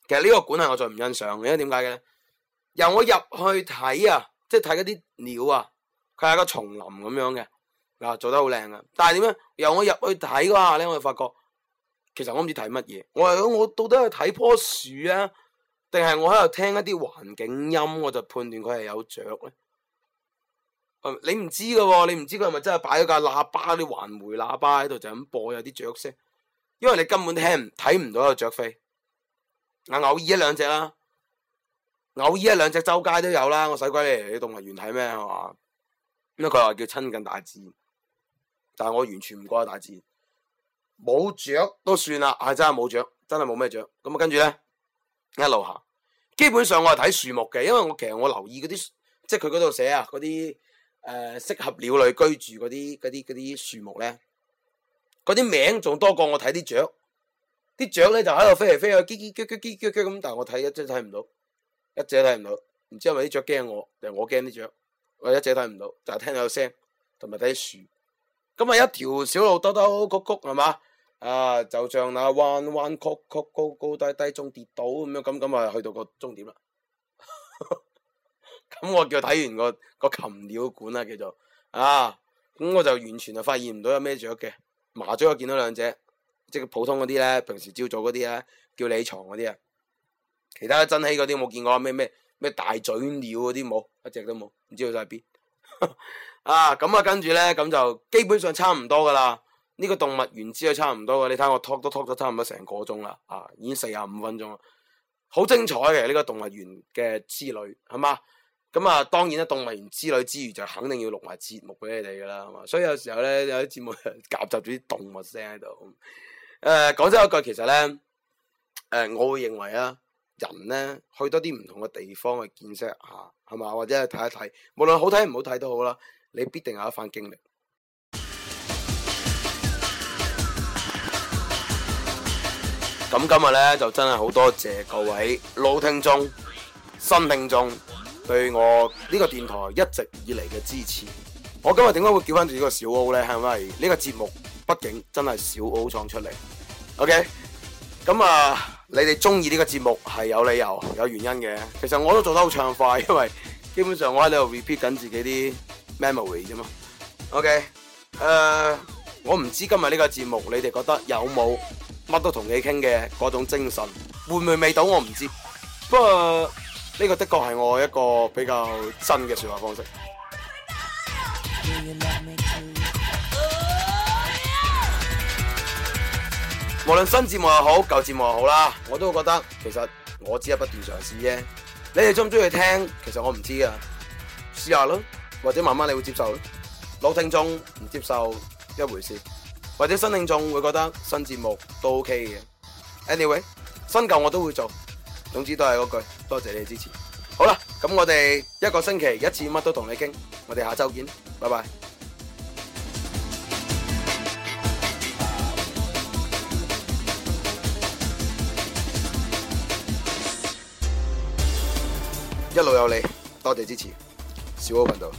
Speaker 1: 其實呢個館係我最唔欣賞嘅，因為點解嘅咧？由我入去睇啊，即係睇嗰啲鳥啊。佢係一個叢林咁樣嘅，嗱，做得好靚嘅。但係點樣？由我入去睇嗰下咧，我就發覺其實我唔知睇乜嘢。我話我到底去睇樖樹啊，定係我喺度聽一啲環境音，我就判斷佢係有雀咧，嗯。你唔知噶喎，哦，你唔知佢係咪真係擺咗架喇叭、啲環回喇叭喺度就咁播有啲雀聲，因為你根本聽睇唔到有雀飛。嗱，偶爾一兩隻啦，偶爾一兩隻周街都有啦。我使鬼嚟你動物園睇咩係嘛？我佢又話叫親近大自然，但係我完全唔覺得大自然，冇雀都算啦。係真係冇雀，真係冇咩雀。咁啊，跟住咧一路行，基本上我係睇樹木嘅，因為我其實我留意嗰啲，即係佢嗰度寫啊嗰啲誒適合鳥類居住嗰啲嗰啲啲樹木咧，嗰啲名仲多過我睇啲雀，啲雀咧就喺度飛嚟飛去，嘰嘰叫叫嘰嘰咁，但係我睇一真睇唔到，一隻睇唔到。唔知係咪啲雀驚我，定係我驚啲雀？我一直睇唔到，就係聽到有聲，同埋睇啲樹。咁啊，一條小路兜兜曲曲，係嘛？啊，就像那彎彎曲曲，曲，高高低低，中跌倒咁樣。咁咁啊，去到個終點啦。咁 我叫睇完，那個、那個禽鳥館啦，叫做啊。咁我就完全就發現唔到有咩雀嘅麻雀，我見到兩隻，即係普通嗰啲咧，平時朝早嗰啲咧叫你牀嗰啲啊。其他珍稀嗰啲冇見過咩咩。咩大嘴鳥嗰啲冇，一直都冇，唔知道佢喺邊。 啊，咁啊，跟住咧，咁就基本上差唔多噶啦。呢、這個動物園之旅差唔多，你睇我 talk 都 talk 咗差唔多成個鐘啦，啊，已經四十五分鐘啦，好精彩嘅呢、這個動物園嘅之旅，係嘛？咁啊，當然啦、啊，動物園之旅之餘就肯定要錄埋節目俾你哋噶啦，係嘛？所以有時候咧有啲節目夾雜住啲動物聲喺度。誒、啊，講真一句，其實咧，誒、啊，我會認為啊。人呢，去多啲唔同嘅地方去見識下，係嘛？或者去睇一睇，無論好睇唔好睇都好啦。你必定有一番經歷。咁、嗯、今日呢，就真係好多謝各位老聽眾、新聽眾對我呢個電台一直以嚟嘅支持。我今日點解會叫翻住個小 O 呢？係因為呢個節目畢竟真係小 O 創出嚟。OK，咁啊。你哋中意呢個節目係有理由、有原因嘅。其實我都做得好暢快，因為基本上我喺度 repeat 緊自己啲 memory 啫嘛。OK，誒，uh，我唔知今日呢個節目你哋覺得有冇乜都同你傾嘅嗰種精神，會唔會未到我唔知。不過呢個的確係我一個比較真嘅說話方式。 無論新節目又好，舊節目又好啦，我都會覺得其實我只係不斷嘗試啫。你哋鍾唔鍾意聽，其實我唔知㗎，試下咯，或者慢慢你會接受咯。老聽眾唔接受一回事，或者新聽眾會覺得新節目都 OK 嘅。Anyway，新舊我都會做，總之都係嗰句，多謝你哋支持。好啦，咁我哋一個星期一次乜都同你傾，我哋下周見，拜拜。一路有你，多謝支持，小屋頻道。